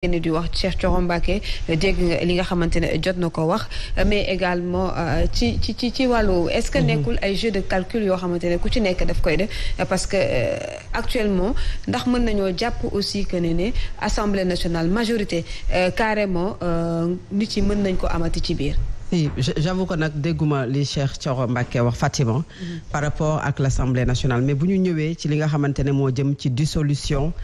ngeen di wax Cheikh Thioro dégg li nga xamante ne jot na ko wax mais également euh, ci ci ci ci wàllu est-ce que mhm. nekkul ay jeu de calcul yoo xamante ne ku ci nekk daf koy def parce que euh, actuellement ndax mën nañoo jàpp aussi que ne ne assemblée nationale majorité euh, carrément nit yi mën nañ ko amati ci biir oui ko que nag dégguma li Cheikh Thioro Mbacké wax Fatima mhm. par rapport ak l'Assemblée nationale mais bu ñu ñëwee ci li nga xamante ne moo jëm ci dissolution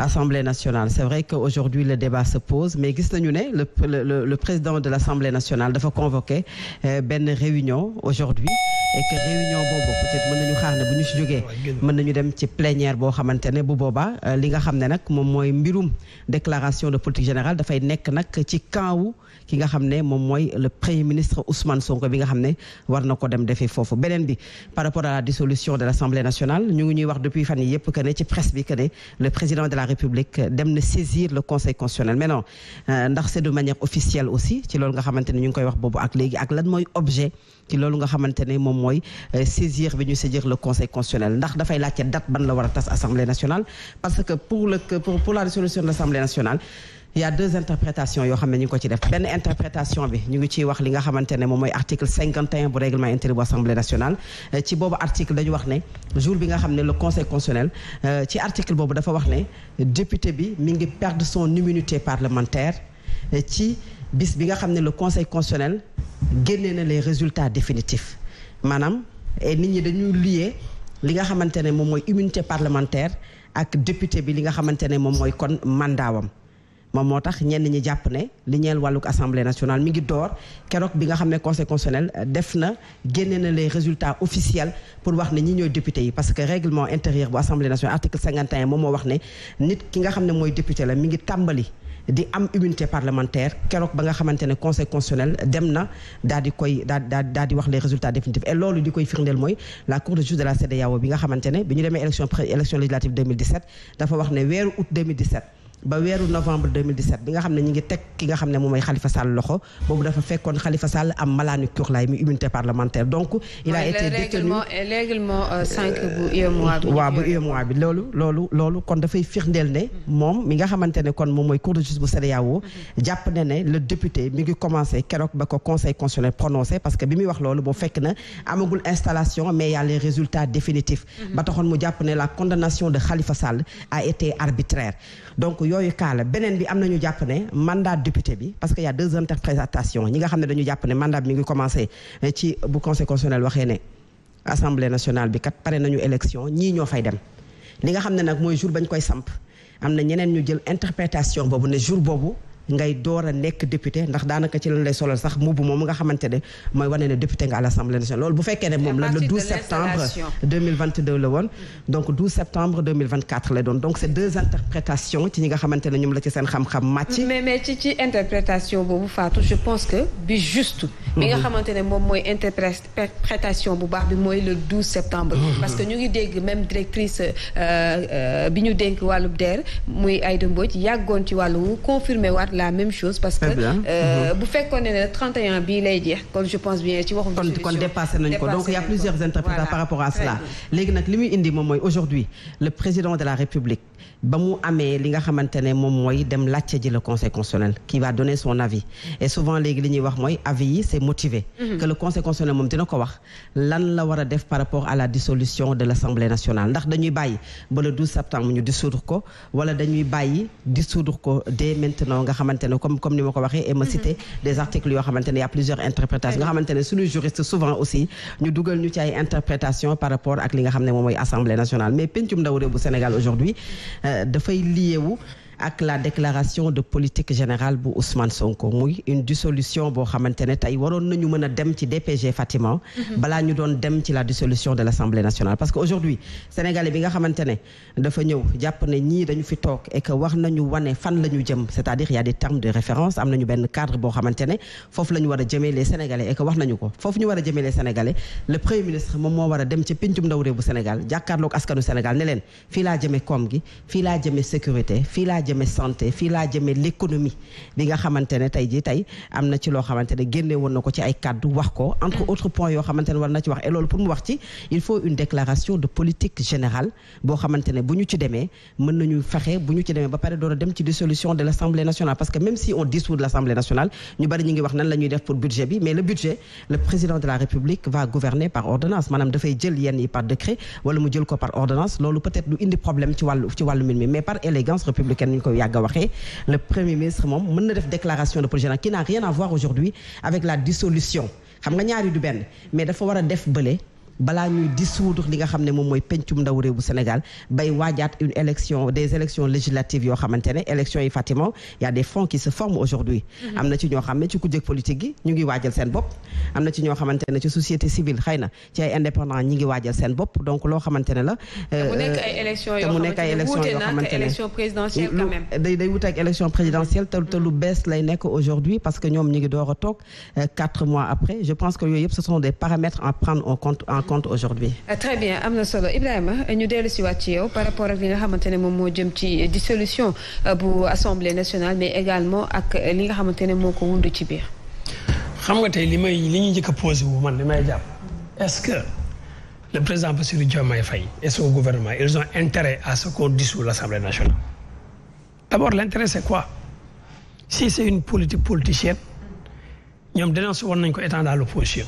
Assemblée nationale c'est vrai que aujourd'hui le débat se pose mais gis nañu ne le le le président de l'Assemblée nationale dafa convoqué euh, benn réunion aujourd'hui et que réunion boobu mën nañu xaar ne bu ñu si jógee mën nañu dem ci plénière boo xamante ne bu boobaa euh, li nga xam ne nag moom mooy mbirum déclaration de politique générale dafay nekk nag ci kanwu ki nga xam ne moom mooy le premier ministre Ousmane Sonko bi nga xam ne war na ko dem defee foofu beneen bi par rapport a la dissolution de l'Assemblée nationale ñu ngi ñuy wax depuis fan yi yëpp que ne ci presse bi que ne le président de la République dem na saisir le conseil constitutionnel euh, ndax c'est de manière aussi ci loolu nga xamante ne ñu ngi koy wax boobu ak mooy euh, saisir bi ñu saisir le conseil constitutionnel ndax dafay laajte date ban la war a tas assemblée nationale parce que pour la résolution de l'assemblée nationale il deux interprétations yoo xam ne ñu ngi ko ci def benn interprétation bi ñu ngi ciy wax li nga euh, xam ne le conseil constitutionnel euh, ci article boobu dafa wax ne député bi mi ngi perdre son immunité parlementaire ci bis bi nga xam ne le conseil constitutionnel génnee na les résultats définitifs maanaam nit ñi dañuy lié li nga xamante ne moom mooy immunité parlementaire ak député bi li nga xamante ne moom mooy kon mandaawam moom moo tax ñeen ñi jàpp ne li ñeel wàllug assemblée nationale mi ngi door keroog bi nga xam ne conseil euh, def na génne na les résultats officiels pour wax ne ñi ñooy député yi parce que règlement intérieur bu assemblée nationale article 51 moom moo wax ne nit ki nga xam ne mooy député la mi ngi tàmbali di am immunité parlementaire keroog ba nga xamante ne conseil constitutionnel dem na daal di koy daal daal daal di wax les résultats définitifs et loolu di koy firndeel mooy la cour de justice de la CEDEAO bi nga xamante ne bi ñu demee élection élection législative dafa wax ne weeru août ba weeru novembre 2017 bi nga xam ne ñi ngi teg ki nga xam ne moom mooy Khalifa Sall loxo boobu dafa fekkoon Khalifa Sall am malaanu kurlaay mi immunité parlementaire donc. il a été détenu règlement 5 euh, euh, bu UEMOA bi. waaw bu UEMOA bi loolu loolu loolu kon dafay firndeel ne. moom mi nga xamante ne kon moom mooy cour de justice bu CEDEAO. jàpp ne ne le député mi ngi commencé keroog ba ko conseil constitutionnel prononcé parce que bi muy wax loolu bu fekk na amagul installation mais y a les résultats définitifs. Mhm. ba taxoon mu jàpp ne la condamnation de Khalifa Sall a yooyu kaala beneen bi am na ñu jàpp ne mandat député bi parce que y a deux interprétations ñi nga xam ne dañu jàpp ne mandat bi mi ngi commencé eh, ci bu conseil waxee ne assemblée nationale bi kat pare nañu élection ñii ñoo fay dem li nga xam ne nag mooy jour bañ koy samp am na ñeneen ñu jël interprétation boobu ne jour boobu ngay door a nekk député ndax daanaka ci lan lay solal sax mbubb moom nga xamante ne mooy wane ne député nga à l'Assemblée nationale loolu bu fekkee ne moom la le 12 septembre 2022 la woon donc 12 septembre 2024 la doon donc c'est deux interprétations ci ñi nga xamante ne ñoom la ci seen xam-xam màcc mais mais ci interprétation boobu Fatou je pense que bi juste bi nga mhm. xamante ne moom mooy interprétation bu baax bi mooy le 12 septembre mhm. parce que ñu ngi dégg même directrice euh, euh, bi ñu dénk wàllu DER muy Aïda Mbodj yàggoon ci wàllu confirmé waat waxaat la même chose. parce que euh, mhm. bu fekkoon ne 31 bii lay jeex kon je pense bien ci waxu. kon kon dépassé nañ ko donc y' a plusieurs interprétations par rapport à cela. léegi nag li muy indi moom mooy aujourd'hui le président de la république ba mu amee li nga xamante ne moom mooy dem laajte ji le conseil constitutionnel qui va donner son avis et souvent léegi li ñuy wax mooy avis yi c' est motivé. Mhm. que le conseil constitutionnel moom dina ko wax lan la war a def par rapport à la dissolution de l' assemblée nationale ndax dañuy bàyyi ba le 12 septembre ñu dissoudre ko wala dañuy bàyyi dissoudre ko dès maintenant nga. xamante ne comme comme ni ma ko waxee et ma mhm. cité des articles yoo xamante ne y a plusieurs interprétations nga xamante ne suñu juriste souvent aussi ñu dugal ñu ci ay par rapport ak li nga xam ne mooy assemblée nationale mais pencum ndaw réew Sénégal aujourd'hui euh, dafay lié ak la déclaration de politique générale bu Ousmane Sonko muy une dissolution boo xamante ne tey waroon nañu mën dem ci DPG Fatima. Mhm. balaa ñu doon dem ci la dissolution de l' assemblée nationale. parce que aujourd'hui sénégalais bi nga xamante ne dafa ñëw jàpp ne ñii dañu fi toog et que wax nañu wane fan la ñu jëm c' est à dire y a des termes de référence am nañu benn cadre boo xamante ne foofu la ñu war a jëmee wax nañu ko foofu ñu war a jëmee les sénégalais le moo war a dem ci pincum ndaw réew bu Sénégal jàkkaarloog askanu Sénégal ne leen laa jëmee koom fii laa jëmee sécurité fii jëme santé fii laa jëme l'économie bi nga xamante ne jii tey am na ci loo xamante génne woon na ko ci ay kàddu wax ko entre mm. autres points yoo xamante war na ci wax et loolu pour mu wax ci il faut une déclaration de politique générale boo xamante bu ñu ci demee mën nañu fexe bu ñu ci demee ba pare door dem ci dissolution de l'Assemblée nationale parce que même si on dissout de l'Assemblée nationale ñu bari ñu ngi wax nan la def pour leen ko yàgg a waxee le premier ministre moom mën na def déclaration de projet général qui n'a rien à voir aujourd'hui avec la dissolution xam nga ñaari du benn mais dafa war a def bële balaa ñuy dissoudre li nga xam ne moom mooy pencum ndaw réew bu Sénégal bay waajaat une élection des élections législatives yoo xamante ne élections yi Fatima y a fonds qui se forment aujourd'hui mm-hmm. am na ci ñoo xam ne ci ku jëkk politique gi ñu ngi waajal seen bopp am na ci ñoo xamante ne ci société civile xëy na ci ay indépendant ñi ngi waajal seen bopp donc loo xamante ne la te mu euh, nekk ay élections yoo xamante ne day day wute ak élection présidentielle ngi door a toog euh, quatre mois après compte aujourd'hui ah, très bien am na solo Ibrahima ñu dellu si waat ci yow par rapport ak li nga xamante ne moom moo jëm ci dissolution euh, bu assemblée nationale mais également ak euh, li nga xamante ne moo ko wund ci biir. xam nga tey li may li ñu njëkk a posé man li may jàpp es ce que le président Bassirou Diomaye Faye et son gouvernement ils ont intérêt à ce qu'on dissout l'Assemblée nationale d'abord l'intérêt c'est quoi si c'est une politique politicienne ñoom dénoncé woon nañ ko étant dans l'opposition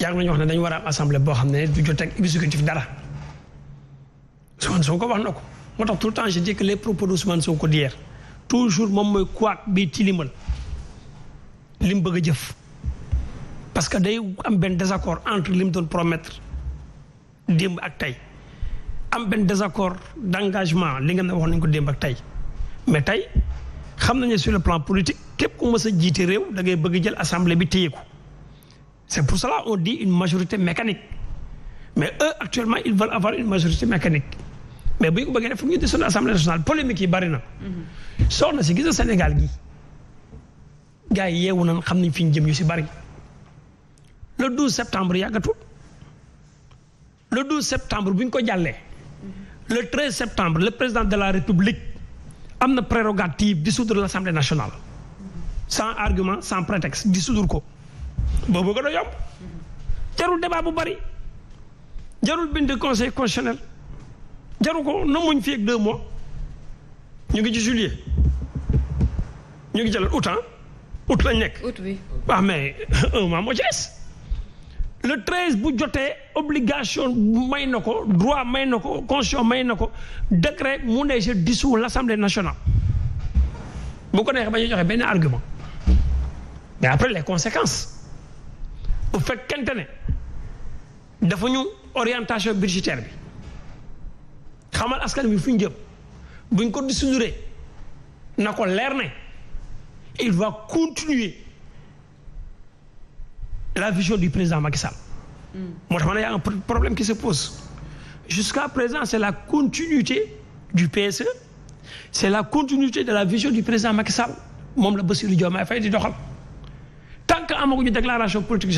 yàgg nañu wax ne dañu war a am assemblée boo xam ne du jot ak exécutif dara Ousmane Sonko wax na ko moo tax tout le temps je dis que les propos de Ousmane moom mooy kuwaat bi tilimal li mu bëgg a jëf parce que day am benn désaccord entre li mu doon promettre démb ak tey am benn désaccord d'engagement li nga ne wax nañ ko démb ak tey mais tey xam nañu sur le plan politique képp ku mës a jiite réew da ngay bëgg jël assemblée bi téye ko C'est pour cela qu'on dit une majorité mécanique. Mais eux, actuellement, ils veulent avoir une majorité mécanique. mais bu ñu ko bëggee def fu ñu desoon assemblée nationale polémique yi bari na. Mhm. soxna si gis na Sénégal gi gars yi yeewu nañ xam nañ fi ñu jëm ñu si bari. le 12 septembre yàggatul le 12 septembre bu ñu ko jàllee. Mhm. le 13 septembre le président de la république am na prérogative dissoudre l'assemblée nationale. Mhm. sans argument sans prétexte dissoudre ko. boobu gën a yomb jarul débat bu bari jarul bind conseil constitutionnel jaru ko na muñ fi ak deux mois ñu ngi ci juillet ñu ngi jëlal août ah août lañ nekk. août bi ah, mais un mois moo ci des le treize bu jotee obligation may na ko droit may na ko constitution may na ko décret mu ne je dissous l'Assemblée nationale bu ko nekk ba ñu joxe benn argument mais après les conséquences. bu fekkente ne dafa ñu orientation budgétaire bi xamal askan bi fu ñu jëm buñ ko dissoudre na ko leer ne il va continuer la vision du président Macky Sall. Mm. moo tax ma ne y a un problème qui se pose jusqu'à présent c'est la continuité du PSE c'est la continuité de la vision du président Macky Sall moom la Bassirou Diomaye Faye di doxal tant que amaguñu déclaration politique